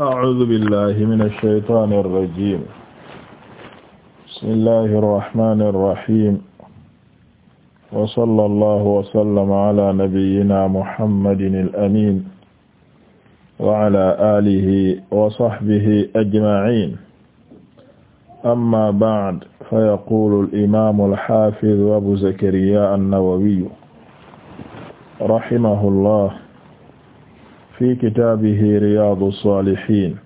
أعوذ بالله من الشيطان الرجيم بسم الله الرحمن الرحيم وصلى الله وسلم على نبينا محمد الأمين وعلى آله وصحبه أجمعين أما بعد فيقول الإمام الحافظ أبو زكريا النووي رحمه الله fi kitaabihi riyaadu saalihiin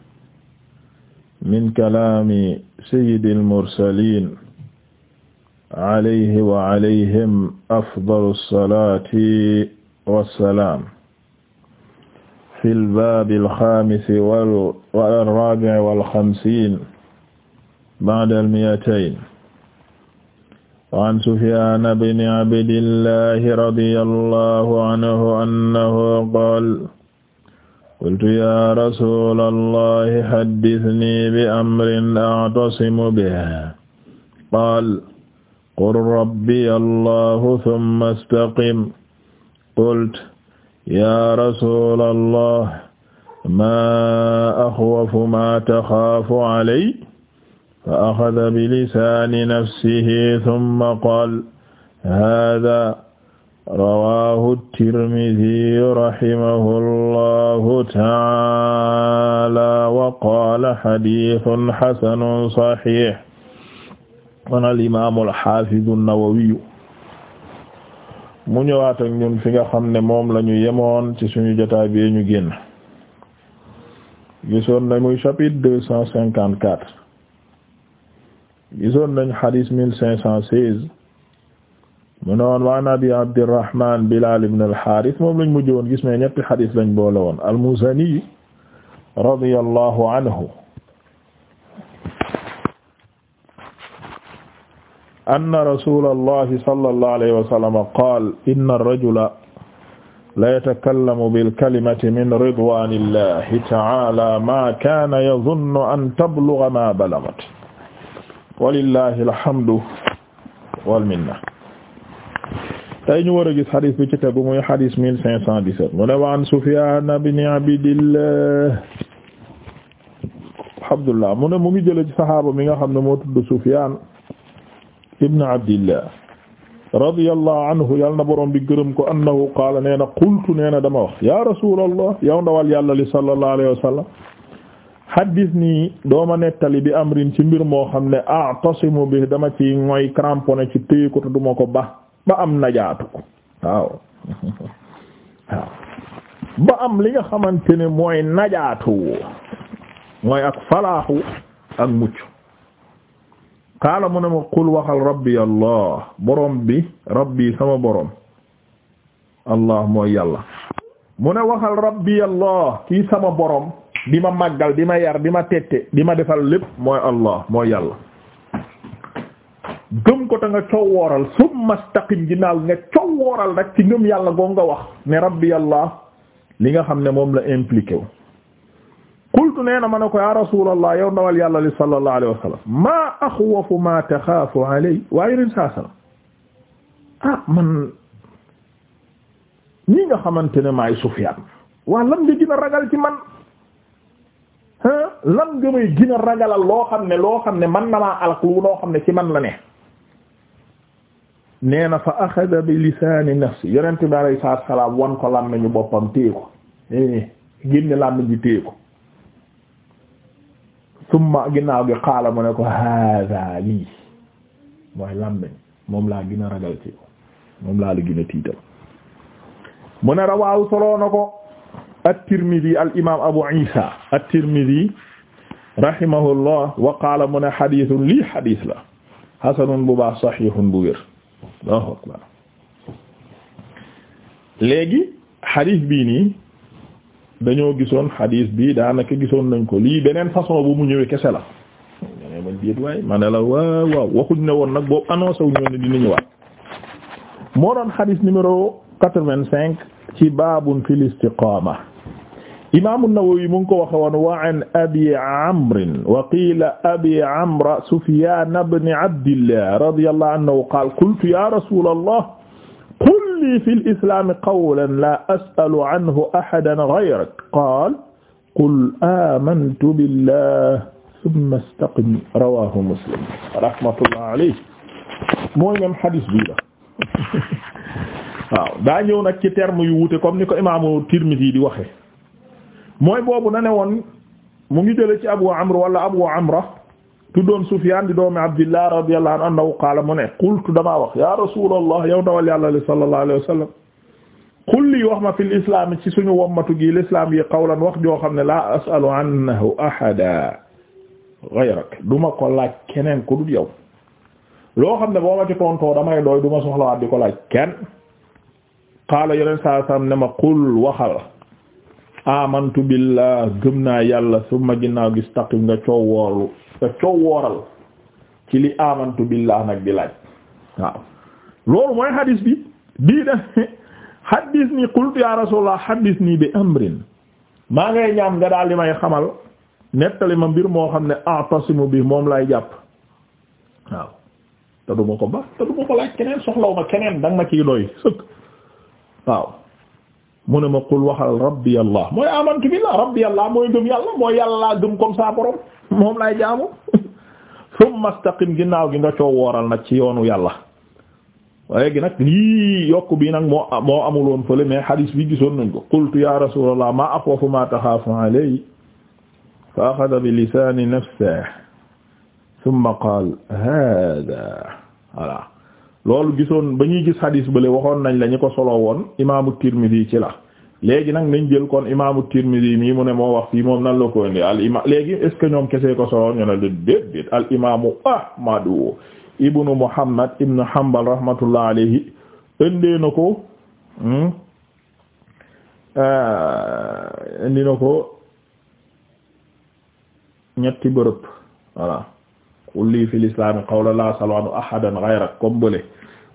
min kalaami sayyidil mursaliin alayhi wa alayhim afdalu salaati wa salaam fil baabil xaamisi wal raabi'i wal xamsiin ba'dal mi'atayn وعن سفيان بن عبد الله رضي الله عنه أنه قال qultu ya rasula allahi haddithnii bi amrin a'tasimu bihi qaal qul rabbiya allahu thumma istaqim qultu ya rasula allah maa axwafu maa taxaafu calay fa axada bilisaani nafsihi thumma qaal haadha rawaahu tirmidi rahimahullahu taala wa qaala xadiisun xasanun saxiix kon al imaamu alxaafidu nawawiyu mu ñëwaat ak ñun fi nga xam ne moom la ñu yemoon ci suñu jotaay bi ñu génn gisoon nañ muy chapitre deux cent cinquante gisoon nañ xadiis mu ne woon waan abi abdirahman bilal ibn alxaaris moom lañ mujj woon gis ne ñetti xadis lañ boole woon almuzani radiyallahu anhu anna rasulallahi sallallahu alayhi wa sallam qaal inna rajula la yatakallamu bilkalimati min ridwanillahi ta'ala ma kaana yadhunnu an tablugha ma balagat walillahi alhamdu wal minna tey ñu war a gis xadis bi ci tegu muy xadis mille cinq cent dix-sept mu ne waan Sufyaan ibn Abdillah Abdullah mu ne mu ngi jële ci saxaaba mi nga xam ne moo tudd Sufyaan ibn Abdillah radiyallahu anhu yal na borom bi gërëm ko annahu qaala nee na qultu nee na dama wax ya rasulallah yow ndawal yàlla li sallallahu alayhi wa sallam haddithni dooma nettali bi amrin ci mbir moo xam ne a'tasimu bi dama ci mooy cramponné ci téye ko te duma ko ba ba am najaatu waaw waaw ba am li nga xamante ne mooy najaatu mooy ak falaaxu ak mucc qaala mu ne ma qul waxal rabbi allah borom bi rabbi sama borom allah mooy yàlla mu ne waxal rabbi allah kii sama borom di ma màggal di ma yar di ma tette di ma defal lépp mooy allah mooy yàlla gëm ko te nga coow wooral summa istaqim ginnaaw nga coow wooral rek ci ngëm yàlla goo nga wax ne rabbi yàlla li nga xam ne moom la impliqué wu qultu nee na ma ne ko ya rasulallah yow ndawal yàlla li sallallahu alayhi wa sallam maa axwafu ma taxaafu alay waaye ren ah man ñi nga xamante ne maay Sufyaan waa lan nga gën ragal ci man lan nga may gën ragalal loo xam ne loo xam ne man na maa alak lu noo xam ne ci man la ne nee na fa axada bi lisaani nafsi yonent bi alayhi salaatu wa salaam wan ko boppam téye ko eh, génne làmmiñ ji téye gi xaala mu ne ko hada lii mooy làmmiñ moom laa gën a ragal ci moom laa la gën a tiital mu ne rawaawu soloo na ko al imaam Abu Isa at-Tirmidhi rahimahullah wa qaala mu ne xadiisun lii xadiis la xasanun bu baax saxiixun bu wér Allahu akbar léegi xadiis bii nii dañoo gisoon xadiis bi daanaka gisoon nañ ko lii beneen façon bu mu ñëwee kese la ñene waay ma ne la waaw waaw waxuñ ne woon nag boobu annoncé wu ñoo ne dina moo doon xadiis numéro quatre cinq ci baabun fil istiqaama imam an-Nawawi mu ngi ko waxe woon wa an abi amrin wa qila abi amra sufyan ibn abdillah radiyallahu anhu qala qultu ya rasul allah qul li fi al-islam qawlan la as'alu anhu ahadan ghayrak qala qul amantu billah thumma istaqim rawahu muslim rahmatullah alayhi mooy même hadis bi la waaw daa ñëw nag ci terme yu wuute comme ni ko imaamu Tirmidhi di waxe mooy boobu na ne woon mu ngi jële ci abu amr wala abu amra tuddoon sufyan di doomi abdillah radiyallahu anhu annahu qaala mu ne qultu damaa wax ya rasulallah yow dawal yàlla li sallallahu alayhi wa sallam qul lii wax ma fi l islam ci suñu wommatu gi l'islam yi qawlan wax joo xam ne laa asalu annahu ahada ghayrak duma ko laaj keneen ku dul yow loo xam ne boo ma ci tontoo damay doy duma soxlawaat di ko laaj kenn qaala yeneen saa sam ne ma qul waxal amantu billah gëm naa yàlla summa ginnaaw gis taqim nga coow woorlu nga coow wooral ci li amantu billah nag di laaj waaw loolu mooy hadis bi bii da hadis ni qultu ya rasulullah hadis ni bi amrin maa ngay ñaam nga daal li may xamal nettali ma mbir moo xam ne atasimu bi moom lay jàpp waaw te duma ko ba te duma ko laaj keneen soxlaw ma keneen danga ciy doy waaw mu ne ma qul waxal rabbi allah mooy amantu billah rabbi allah mooy gëm yàlla mooy yàlla laa gëm comme ça borom moom lay jaamu summa istaqim ginnaaw gi nga coo wooral nag ci yoonu yàlla léegi nag lii yokk bi nag moo moo amuloon fële mais hadis bi gisoon nañ ko qultu ya rasulallah ma axwafu ma taxaafu alayhi fa axada bi lisaani nafsihi summa qaal hada voilà loolu gisoon ba ñuy gis hadis bële waxoon nañ la ñu ko solo woon imaamu Tirmidhi ci la léegi nag nañ jël kon imaamu Tirmidhi mii mu ne moo wax fii moom nan la ko indi al imaam que ñoom kese ko solo ñu ne la déedéet al imaamu Ahmadu ibnu Muhammad ibnu Hanbal rahmatullah alayhi indee na ko hmm? euh, indi na ko ñetti bërëb voilà kulli fil islaami qawla la salwanu ahadan ghayrak comme bële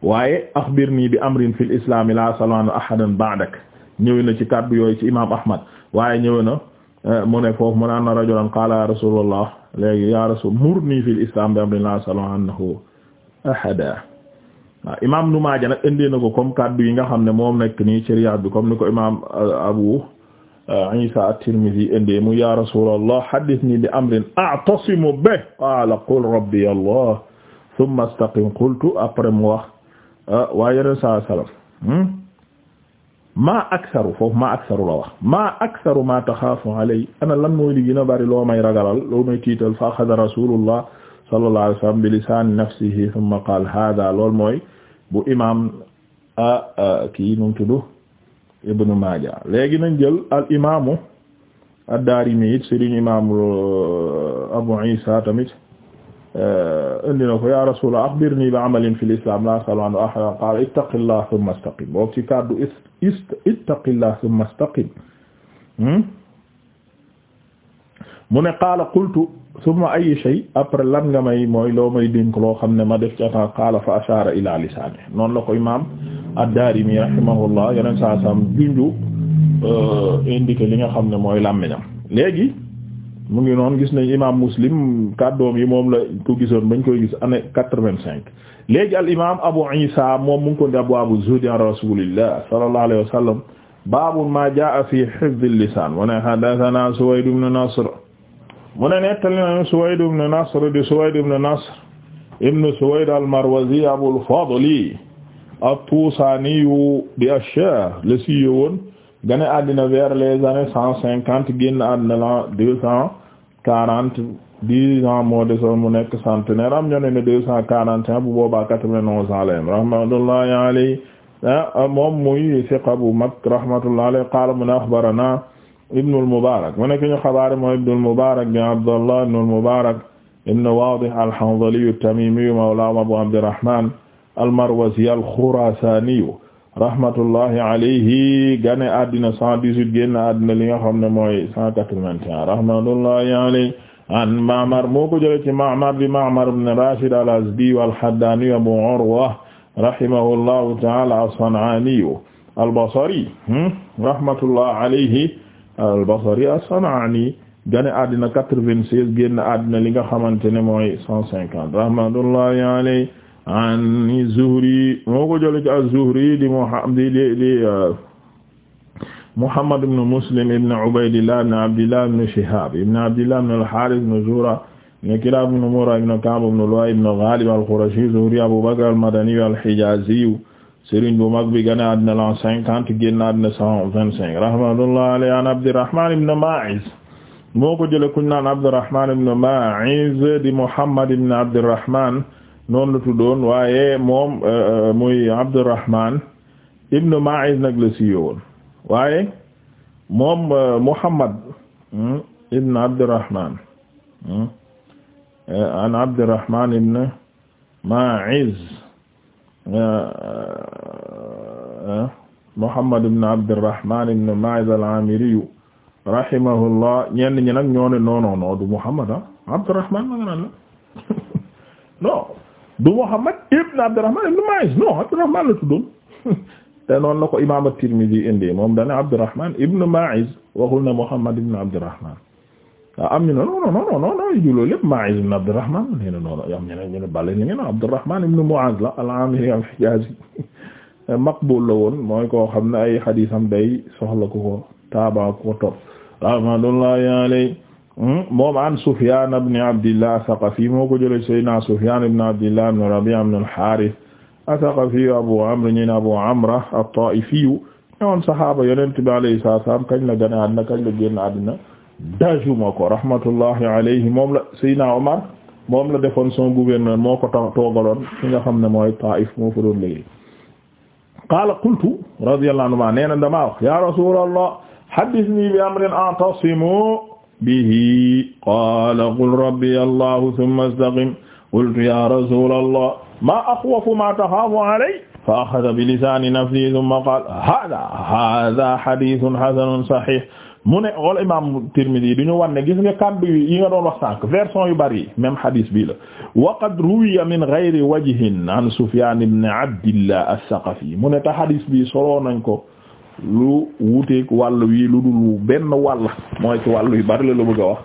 waaye axbir nii bi amrin fil islami la salanu ahadan ba'dak ñëwee na ci kàddu yooyu ci imam ahmad waaye ñëwee na eh, mu ne foofu mu ne anna rajulan qala ya rasulullah léegi ya rasul murni fil islam bi amrin la salanu anhu ahada waaw imam nu maaja nag indi na ko comme kàddu yi nga xam ne moom nekk nii ci riyaad bi comme ni ko imam eh, abu eh, isa at-tirmidhi indi mu ya rasulullah haddithni bi amrin a'tasimu bihi qala qul rabbi allah thumma istaqim qultu après mu wax waaye yeneen saa salaam maa aksaru foofu maa aksaru la wax maa aksaru maa taxaafu alay ana lan mooy li gën a bari loo may ragalal loo may tiital fa axada rasulullah sallallahu alayhi wa sallam bi lisaan nafsihi thumma qaal hada lool mooy bu imaam ah, ah, kii nu mu tudd Ibn Maaja léegi nañ jël al imaamu ad-Daarimi it sëriñ imaamu Abu Isa tamit. Euh, indi na ko ya rasulallah axbirni bi amalin fil islam la as'aluka anhu ahadan qala ittaqillah thumma istaqim boobu ci kàddu ist ittaqillah thumma istaqim hmm? mu ne qaala qultu summa ay shay après lan nga may mooy loo may dénk loo xam ne ma def ci ata qaala fa ashara ila lisaani noonu la ko imaam ad-Daarimi rahimahullah yeneen saa saam junju euh, indiqué li nga xam ne mooy làmmiñam léegi mu ngi noonu gis nañ imaam muslim kàddoom yi moom la ko gisoon koy gis année quatre-vingt-cinq léegi al imaam abu isa mu ngi ko di abwaabu zuhdi an rasulillah sallallahu ma jaa fi hifdhi lisaan mu ne haddathana suwayd ibn nasr mu ne nettali nañu suwayd ibn nasr di suwayd ibn nasr ibn suwayd al marwazi abul fadli at-tusaaniyu di ash-shaah le siiwoon gane àddina vers les années cent cinquante génn àddina l'an deux cents quarante dix ans moo desoon mu nekk centenaire am ñoo ne ne deux cent quarante et un bu boobaa quatre-vingt-onze ans leen rahmatullahi alayhi ah, moom muy siqa bu mag rahmatullahi alayhi qaala mu ne axbarana ibnu al-Mubarak mu nekk ñu xabaar mooy ibnu al-Mubarak bi Abdallah ibnu al-Mubarak ibnu Wadih al-Hanzali at-Tamimi mawla Abu Abdirrahman al-Marwazi al-Khurasani rahmatullahi alayhi gane addina 118 génn addina li nga xam ne mooy 181 rahmatullahi alayhi an Ma'mar moo ko jëlee ci Ma'mar bi Ma'mar ibn Rashid al-Azdi al-Haddani Abu Urwa rahimahullahu ta'ala as-San'ani al-Basri hmm? rahmatullahi alayhi al-Basri as-San'ani gane addina 96 génn addina li nga xamante ne mooy 150 rahmatullahi alayhi an Zuhri moo ko jëlee ci az-Zuhri di di di di uh, Muhammad ibn Muslim ibn Ubaydillah ibn Abdillah ibn Shihab ibn Abdillah ibn al-Harith ibn Zuhra ibn Kilab ibn Murra ibn Ka'b ibn Lu'ay ibn Ghalib al-Qurashi Zuhri Abu Bakr al-Madani al-Hijazi sëriñ bu mag bi gane àddina l'an cinquante génn àddina cent vingt-cinq rahmatullahi alayhi an Abdurrahman ibn Ma'iz moo ko jëlee kuñ naan Abdurrahman ibn Ma'iz di Muhammad ibn Abdurrahman noonu la tuddoon waaye moom euh, euh, muy Abdurrahman ibn Ma'iz nag la waaye moom euh, Muhammad hmm, ibn Abdurrahman hmm, an Abdurrahman ibn Ma'iz Muhammad ibn Abdurrahman ibn Ma'iz al-Amiri rahimahullah ñenn ñi nag ñoo ne non Muhammad ah Abdurrahman ma nga du Muhammad ibn Abdurrahman ibn Ma'iz non Abdurrahman la tuddoon te noonu la ko imaam at-Tirmidhi indi moom dane Abdurrahman ibn Ma'iz waxul na Muhammad ibn Abdurrahman waaw ah, am ñu ne non non non non non juloo lépp Ma'iz ibn Abdurrahman nee na noonu am ñu ne ñu ne bale ñu ne Abdurrahman ibn Mu'az la al-Amiri al-Hijazi maqbul la woon mooy koo xam ne ay xadiisam day soxla ku ko taaba ku ko topp rahmatullahi alayhi Hmm? moom an Sufyaan ibn Abdillah Saqafi moo ko jëlee Seydina Sufyaan ibn Abdillah ibn Rabi'a ibn al-Haarith Saqafi Abu Amr ñi ne Abu Amra at-Taa'ifi ñoon sahaaba Yonent bi alayhi salaam kañ la gane àddina kañ la génn àddina dajuma ko rahmatullahi alayhi moom la Seydina Omar moom la defoon son gouverneur moo ko toogaloon fi nga xam ne mooy Taa'if moo fa doon léegi qaala qultu radiyallahu anhu nee na damaa wax ya Rasuulallah haddithni bi amrin a'tasimu bihi qaala qul rabbi allahu thumma istaqim qultu ya rasula allah ma axwafu ma taxaafu alay fa axada bi lisaani nafsihi thumma qaala hada hada hadithun hasanun sahih mu ne wala imam Tirmidhi du ñu wan ne gis nga kàddu yi nga doon wax sànq version yu bari même hadis bii la wa qad ruwiya min ghayri wajhin an Sufyan ibn Abdillah as-Saqafi mu ne te hadis bi soloo nañ ko lu wuteeg wàll wii lu dul benn wàll mooy ci wàll yu bari la la bëgg wax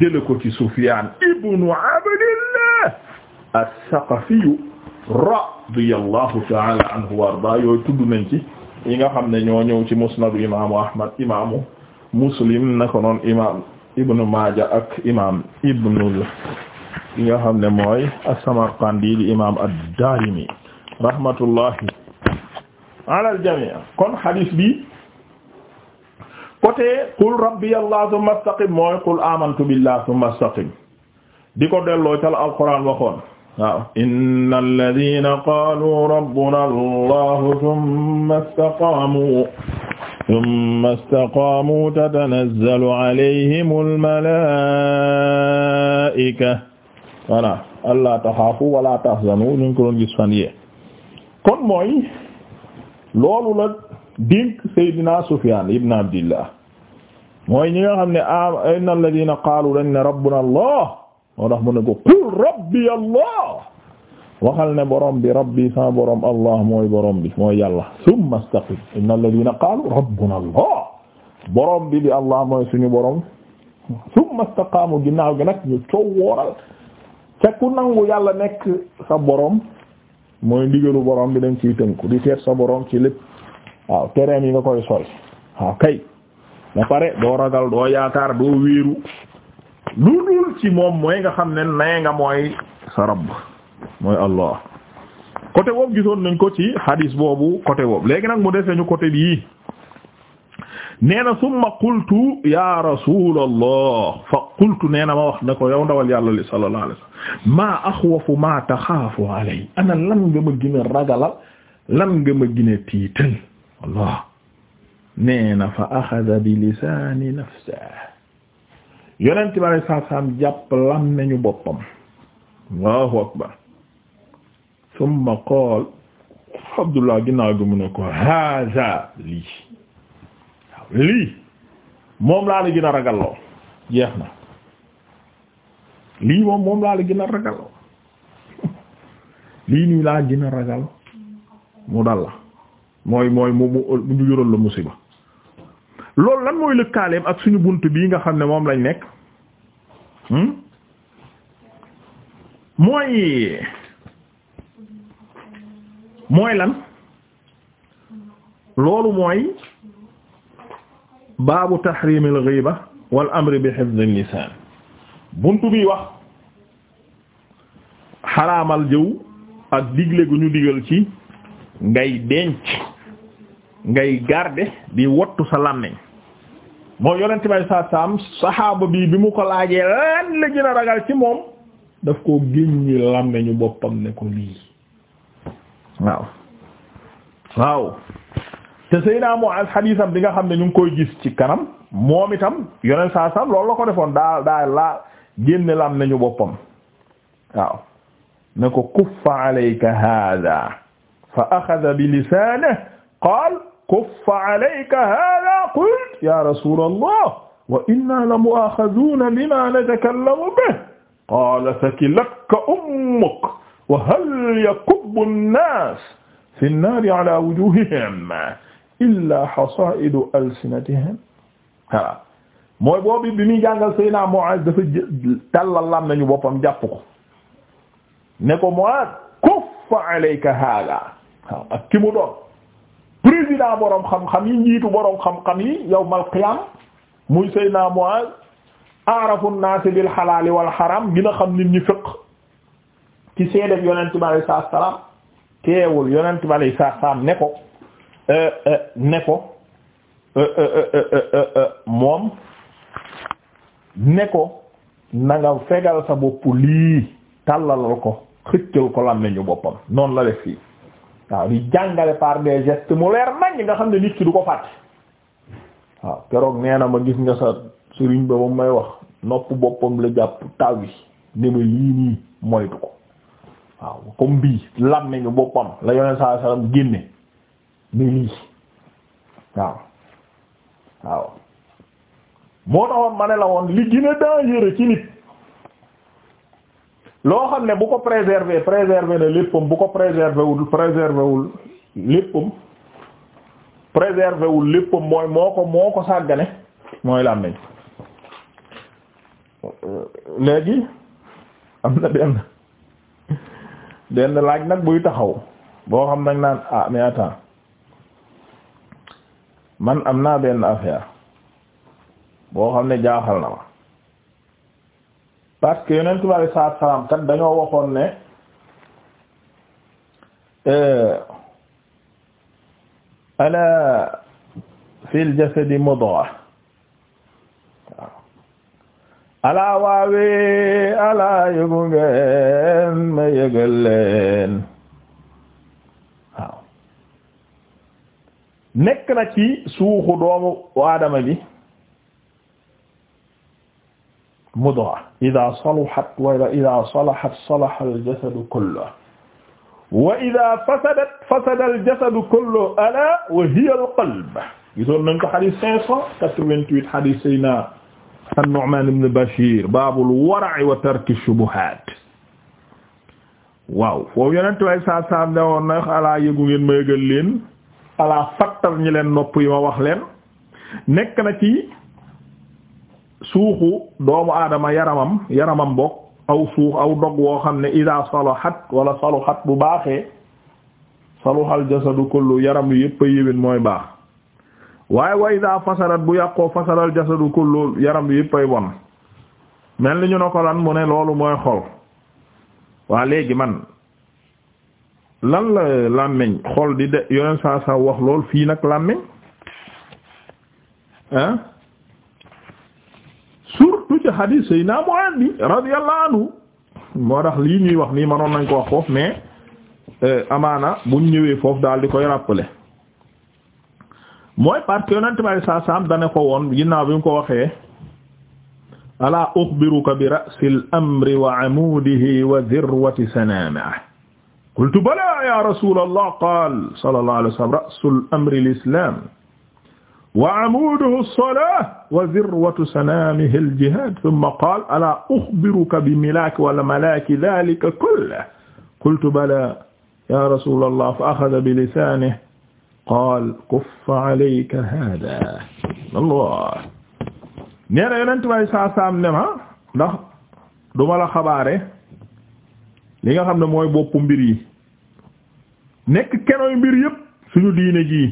jële ko ci Sufyaan ibnu Abdillah as-Saqafiyu radiyallahu ta'ala anhu tudd nañ ci yi nga xam ne ñoo ñëw ci musnadu imaamu Ahmad imaamu Muslim na ko noon imaam Ibnu Maaja ak imaam Ibnu yi nga xam ne mooy as-Samarqandi di imaam ad-Daarimi alal jamii kon hadis bi côté qul rabbi allah thumma istaqim mooy qul amantu billah thumma istaqim di ko delloo ca la alquran waxoon waaw inna alladhina qalu rabbuna allah thumma istaqamu ثم استقاموا تتنزل عليهم الملائكة voilà ألا تخافوا ولا تحزنوا ñu ngi ko doon gis fan yee kon mooy loolu la dénk Seydina Sufyaan ibn Abdillah mooy ñi nga xam ne a inna alladina qaalu dañ ne rabbuna allah moo tax mu ne ko qul rabbi allah waxal ne borom bi rabbi sa borom allah mooy borom bi mooy yàlla summa istaqim inna alladina qaalu rabbuna allah borom bi di allah mooy suñu borom summa istaqaamu ginnaaw gi nag ñu coow wooral ca ku nangu yàlla nekk sa borom mooy ndigalu borom bi dañ ciy tënku di seet sa borom ci lépp waaw tereem yi nga koy sori waaw kay ba pare doo ragal doo yaakaar doo wéeru lu dul ci moom mooy nga xam ne nee nga mooy sa rabb mooy Allah côté boobu gisoon nañ ko ci hadis boobu côté boobu léegi nag mu defee ñu côté bii nee na summa qultu ya rasulallah fa qultu nee na ma wax ne ko yow ndawal yàlla li sallallahu alayhi wasallam maa axwafu maa taxaafu alay ana lan nga ma gën a ragalal lan nga ma gën a tiital Allah nee na fa axada bi lisaani nafsihi yonent bi alayhi salaatu salaam jàpp lam nañu boppam Allahu akbar summa qaala Abdullah ginnaaw gi mu ne ko haaza lii lii moom laa la gën a ragalloo jeex na lii moom moom laa la gën a ragalloo lii nii laa gën a ragal mu dal la mooy mooy mu mu ñu yoral la musiba loolu lan mooy lëkkaaleem ak suñu bunt bii nga xam ne moom lañ nekk hmm? mooy mooy lan loolu mooy baabu tahrimil ghiba wal amri bi hifdil lisaan buntu bi wax xaraamal jëw ak digle gu ñu digal ci ngay denc ngay garder di wottu sa làmmiñ moo yonent bay saa saam saxaaba bi bi mu ko laajee lan la gën a ragal ci moom daf koo génñi làmmiñu boppam ne ko lii waaw waaw te Seydina Mu'aaz xadiisam bi nga xam ne ñu ngi koy gis ci kanam moom itam yoneen saa sam loolu la ko defoon daa daa laa génne lam nañu boppam waaw ne ko kuffa alayka haadaa fa axada bi lisaanihi qaala kuffa alayka haadaa qult yaa rasuulallah wa innaa la mu'aaxazuuna bimaa natakallamu bihi qaala sakilatka ummuk wa hal yakubbu nnaas fi nnaari alaa wujuuhihim illa hasaidu alsinatihim voilà mooy boobu bi muy jàngal Seydina Muaz dafa tàllal lam nañu boppam jàpp ko ne ko Muaz kuffa alayka hada waaw ak ki mu doon président boroom xam-xam yi njiitu boroom xam-xam yi yawmal qiyaam muy Seydina Muaz aarafu naasi bil xalaali wal xaram gina xam nit ñi fiq ci seedeb yonent bi alayhi salaam teewul yonent bi alayhi salaam ne ko Euh, euh, ne ko euh, moom ne ko na nga fegal sa bopp lii tàllalal ko xëccal ko lan ñu boppam noonu la def fii waaw di jàngale par des gestes mu nañ nga xam ne nit ki du ko fàtte waaw keroog nee na ma gis nga sa sëriñ ba may wax nopp boppam la jàpp taw yi ne ma lii nii moytu ko waaw comme bii lan nañu boppam la yoneen saa sallam génne ni lii waaw waaw moo taxoon ma ne la woon li gën a dangereux ci nit loo xam ne bu ko préservé préserver na léppam bu ko préserver wul préserver wul léppam préserver wul léppam mooy moo ko moo ko sàggane mooy làmmiñ léegi am na benn benn laaj nag buy taxaw boo xam nañ naan ah mais attends man am naa benn affaire boo xam ne jaaxal na ma parce que yonent bi alei kat dañoo waxoon ne euh, ala fil jasadi mudgha ala waawee ala yëgu ma yëgal nekk na ci suuxu doomu aadama bi mudra ida saluhat wa ida salahat salaha aljasadu kulluhu wa ida fasadat fasada aljasadu kulluhu ala wa hiya alqalb gisoon nañ ko xadis cinq cent quatre-vingt-huit xadis sayna an-Nu'man ibn Bashir baabul wara'i wa tarki shubuhat waaw foofu yonent way sa sam ne woon na xalaa yëgu ngeen ma yëgal leen alaa fattal ñi leen nopp yi ma wax leen nekk na ci suuxu doomu aadama yaramam yaramam bokk aw suux aw dog woo xam ne ida salahat wala salahat bu baaxee saluhal jasadu kullu yaram wi yëpp a yéwén mooy baax waaye wa ida fasadat bu yàqoo fasadal jasadu kullu yaram wi yëpp ay won mel ni ñu ne ko lan mu ne loolu mooy xol waa léegi man lan la làmmeñ xol di de yoneen saa wax lool fii nag làmmeñ ah surtout ci hadith sayna Mu'adh bi radiyallahu anhu moo tax lii ñuy wax nii manoon nañ ko wax foofu mais euh, amaana buñ ñëwee foofu daal di koy rappeler mooy parce que yonent bay saa ko woon ginnaaw bi mu ko waxee alaa ukhbiruka bi ra'sil amri wa amudihi wa dhirwati sanamihi qultu bala ya rasul allah qaal sallallahu alayhi wa sallam rasul amri al-islam wa amuduhu as-salah wa zirwatu sanamihi al-jihad thumma qaal ala ukhbiruka bi milaki wala malaki dhalika kullahu qultu bala ya rasul allah fa akhadha bi lisanihi qaal kuffa alayka hadha allah neena yonent bay saa saam ne ma ndax duma la xabaare li nga xam ne mooy boppu mbir yi nekk kenoy mbir yépp suñu diine jii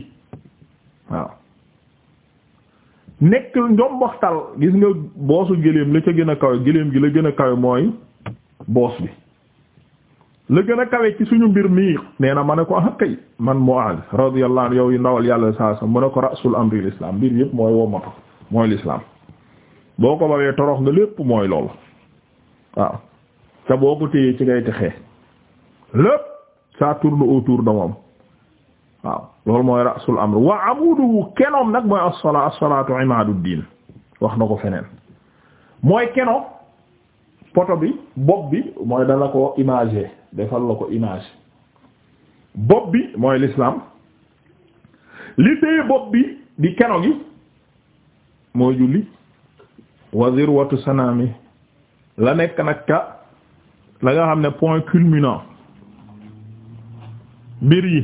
waaw nekk njomboxtal gis nga boosu gëléem la ca gën a kawe gëléem gi la gën a kawe mooy boos bi la gën a kawe ci suñu mbir mii nee na ma ne ko ah kay man Muaz radiyallahu anhu yow yi ndawal yàlla saa sa mu ne ko rasul amri l'islam mbir yëpp mooy womatu mooy l'islam boo ko bawee torox nga lépp mooy loolu waaw te boo ko téyee ci ngay texee lépp ça tourne autour de moom waaw loolu mooy rasul amr wa amuduhu kenoom nag mooy as-salaa as-salaatu imaadu diin wax na ko feneen mooy keno poto bi bopp bi mooy dala ko image defal la ko image bopp bi mooy l'islam li téye bopp bi di keno gi mooy julli wa zirwatu sanami la nekk nag ka la nga xam ne point culminant mbir yi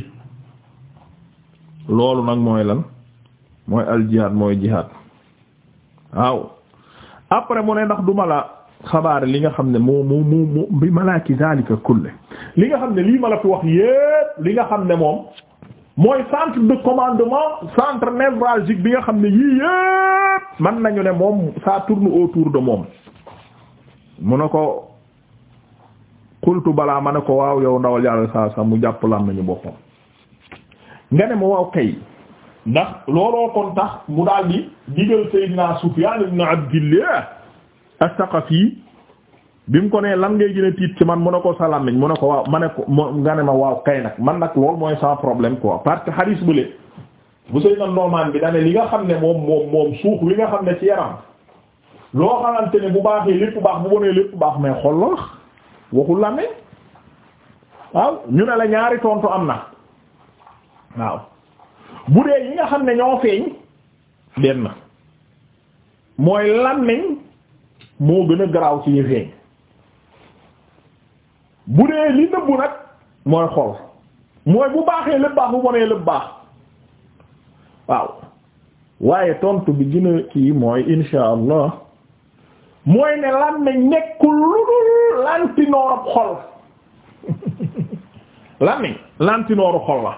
loolu nag mooy lan mooy al jihaad mooy jihaad waaw après mu ne ndax duma la xabaar li nga xam ne moo moo moo bi malaaki zalika kulle li nga xam ne lii ma wax yépp li nga xam ne moom mooy centre de commandement centre névralgique bi nga xam ne yii yépp mën nañu ne moom ça tourne de moom mu ne ko qultu balaa ma ne ko waaw yow ndawal yàlla saa saa mu jàpp lan nañu boppam nga ne ma waaw kay ndax looloo kon tax mu daal di digal Seydina Sufyaan ibn Abdillah as-Saqafi bi mu ko nee lan ngay gën a ci man mu ne ko sa làmmiñ mu ne ko waaw ma ne ko nga ne ma waaw kay nag man nag loolu mooy sans problème quoi parce que hadis bu le bu Seydina Nu'maan bi dane li nga xam ne moom moom moom suux li nga xam ne ci yaram loo xamante ne bu baax bu bonee baax mais xol la waxul la amee waaw ñu ne la ñaari tontu am na waaw bu dee yi nga xam ne ñoo feeñ benn mooy làmmiñ moo gën a garaaw ci yi feeñ bu dee li nëbbu nag mooy xol mooy bu baaxee lépp bu bonee lépp baax waaw waaye tontu bi gën a kii mooy insha allah mooy ne làmmiñ nekkul lu dul lantinoorub xol làmmiñ lantinooru xol la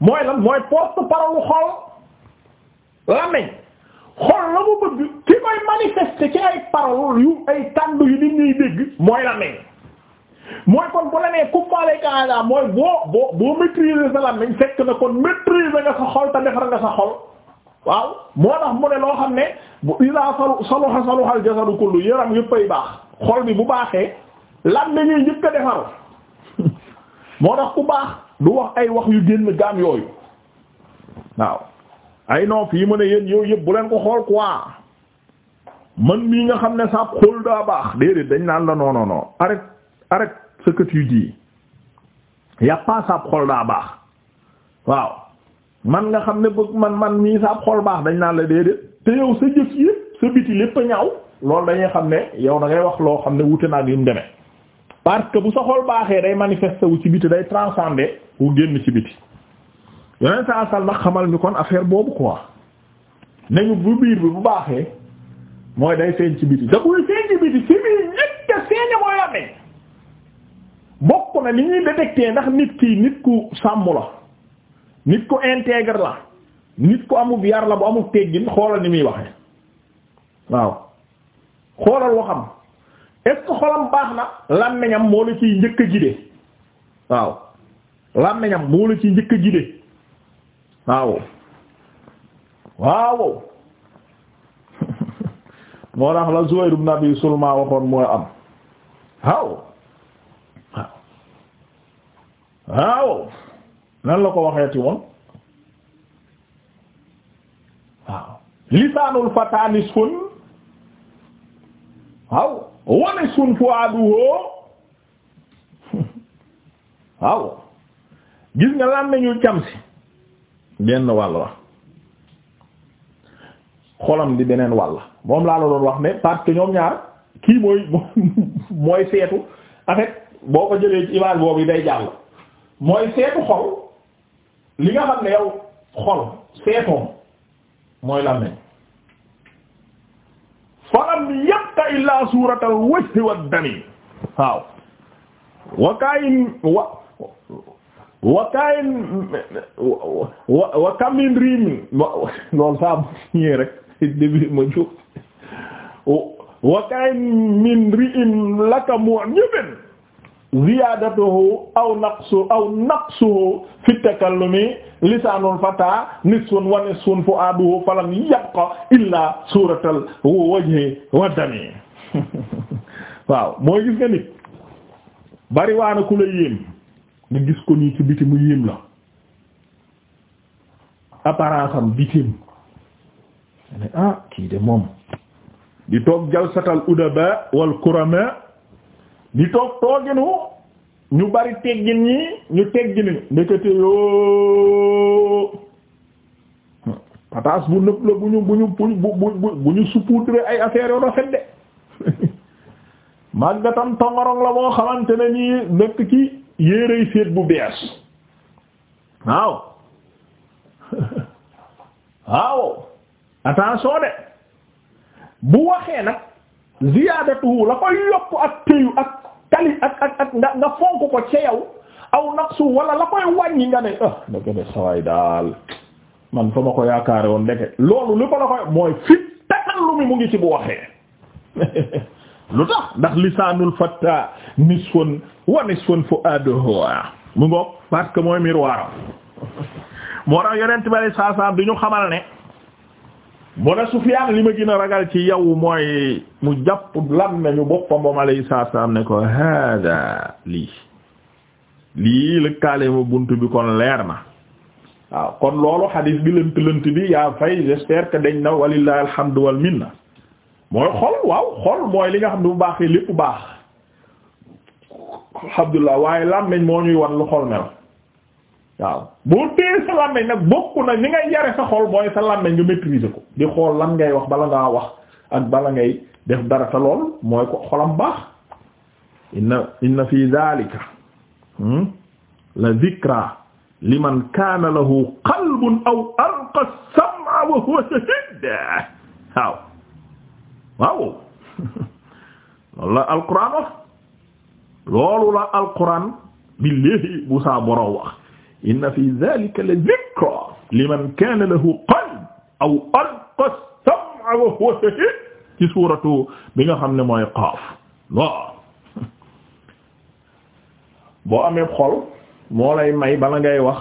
mooy lan mooy porte parole xol làmmiñ xol la mu bëgg ki koy manifester ci ay parole yu ay kàddu yu nit ñuy dégg mooy làmmiñ mooy kon bu la nee kumpaale kaada mooy boo boo boo maîtriser sa làmmiñ fekk na kon maîtriser nga sa xol te defar nga sa xol waaw moo tax mu ne loo xam ne bu iza saluha saluha al jasadu kullu yaram yëpp ay baax xool bi bu baaxee lan la ñuy njëkk defaru moo tax ku baax du wax ay wax yu génn gaam yooyu waaw ay non fii mu ne yéen yooyu yëpp bu leen ko xool ku waa man mii nga xam ne saab xol daa baax déedéet dañ naan la non non non arrête arrête ce que saab xol daa baax waaw. man nga xam ne bëgg man man mii sa xol baax dañ naan la déedéet te yow sa jëf yëpp sa biti lépp a ñaaw loolu dañuy xam ne yow na ngay wax loo xam ne wute naag yi mu demee parce que bu sa xol baaxee day manifester wu ci biti day transcender wu génn ci biti yeneen saa sal nag xamal ñu kon affaire boobu ko quoi nañu bu biir bi bu baaxee mooy day feeñ ci biti da koy feeñ ci biti ci biir ñëkk a feeñe mooy amee bokk na ni ñuy détecter ndax nit kii nit ku sàmm la nit ku intègre la nit ku amub yar la bu amub teggin xoolal ni muy waxe waaw xoolal waxam est-ce que xolam baax na làmmiñam moo la ciy njëkk a gide waaw làmmiñam moo la ciy njëkk a gide waaw waaw moo tax la Zuhayr ibn Abi Sulma waxoon mooy am waaw waaw nan la ko waxeeti woon waaw lisaanul fataa nisfun waaw wa nisfun fu'aaduhu waaw gis nga lan nañu jam si benn wàll la xolam di beneen wàll moom laa la doon wax ne parce que ñoom ñaar kii mooy mooy seetu en fait boo ko jëlee ci image boobu day jàll mooy seetu xol li nga xam ne yow xol seetoom mooy làmmeñ falam yabqa illaa suuratal wajhi wad dami waaw wa kayin wa wa kayin wa kamin riimin loolu saa bu wa kayin min ri'in laka mu'jabin ziyaadatuhu aw naqsu aw naqsuhu fi takallumi lisaanul fataa nisfun wa nisfun fu'aaduhu falam yabqa illaa suuratal wajhi wa waaw mooy gis nga nit bari waana ku la yéem nga gis ko nii ci biti mu la apparence am bitim ah kii de moom di toog jalsatal udaba wal kurama di toog tooginu ñu bari teggin ñi ñu tegginu ndekete yoo pataas bu nëb la bu ñu bu ñu bu ñu saupoudré ay affaire yoo rafet de màggatam tongorong la boo xamante ne nii nekk ci yéerey féet bu bees waaw waaw attention de bu waxee nag ziyaadatuhu la koy yokk ak téyu ak tali ak ak ak nga fonk ko ca aw naqsu wala la koy wàññi nga ne ah ndeke de sawaay daal man fa ma ko yaakaare woon ndeke loolu li ko la koy mooy fit takallumi mu ngi ci bu waxee lu tax ndax lisaanul fatta nisfun wa nisfun fu'aduhu mu ngoog parce que mooy miroir moo tax yonent bi saa saa du ñu xamal ne mu ne Sufyaan li ma gën a ragal ci yow mooy mu jàpp lan nañu boppam moom alayhi salaam ne ko hada lii lii lëkkaale ma bunt bi kon leer na waaw kon loolu xadiis bi lënt lënt bi yaa fay j'espère que dañ na walillahi alhamdu wal minna mooy xol waaw xol mooy li nga xam ne bu baaxee lépp baax alhamdulillah waaye lan nañ moo ñuy wan lu xol mel waaw boo sa làmmeñ nag bokk na ni ngay yare sa xol mooy sa làmmeñ nga maîtriser ko di xool lan ngay wax bala ngaa wax ak bala ngay def dara lool mooy ko xolam baax inna fi dhalika hmm, la dikra liman kaana lahu qalbun aw alqa sam'a wa huwa shahid waaw waaw loolu la alquran wax loolu la alquran billahi bu saa wax inna fi dhalika la dhikra liman kana lahu qalb aw alqa as-sam'a wa huwa shahid ci suuratu bi nga xam ne mooy qaaf boo amee xol moo lay may bala ngay wax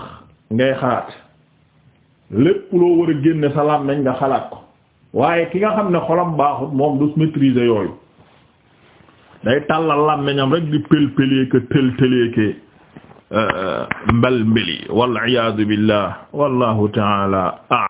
ngay xalaat lépp loo war a génne sa làmmiñ nga xalaat ko waaye ki nga xam ne xolam baaxut moo du maîtriser yooyu day tàllal làmmiñam rek di pël pëleeke mbal mbili wal iyaadu billah wallahu ta'ala